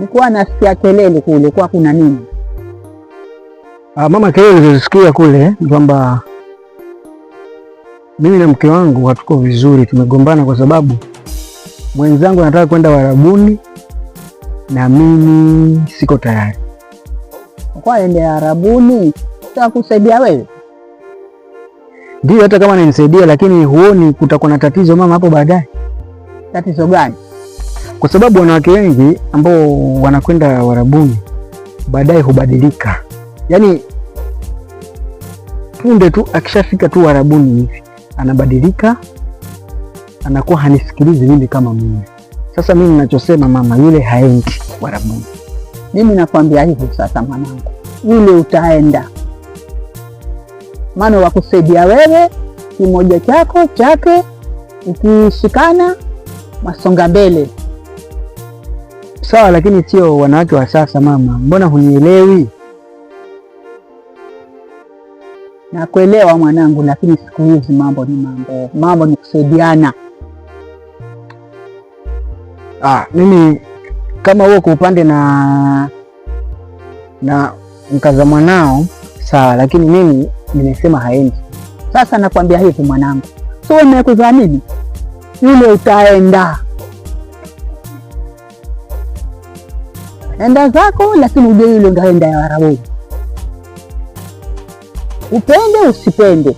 nikuwa nasikia kelele kule, kwa kuna nini? Ah, mama, kelele zilisikia kule ni kwamba mimi na mke wangu hatuko vizuri, tumegombana kwa sababu mwenzangu anataka kwenda Warabuni na mimi siko tayari. Kwa ende Warabuni takusaidia wewe? Ndio, hata kama nanisaidia, lakini huoni kutakuwa na tatizo mama hapo baadaye? Tatizo gani? kwa sababu wanawake wengi ambao wanakwenda warabuni baadaye hubadilika, yaani punde tu akishafika tu warabuni hivi anabadilika, anakuwa hanisikilizi mimi kama mume. Sasa mimi ninachosema mama, yule haendi warabuni. Mimi nakwambia hivyo sasa, mwanangu, yule utaenda, maana wakusaidia wewe, kimoja chako chake, ukishikana masonga mbele sawa, lakini sio wanawake wa sasa. Mama, mbona hunielewi? Nakuelewa mwanangu, lakini siku hizi mambo ni mambo, mambo ni kusaidiana. Ah, mimi kama huo kwa upande na na mkaza mwanao sawa, lakini mimi nimesema haendi. Sasa nakwambia hivi mwanangu, so wewe nimekuzaa yule utaenda enda zako, lakini ujue hilo ndio enda ya upende usipende.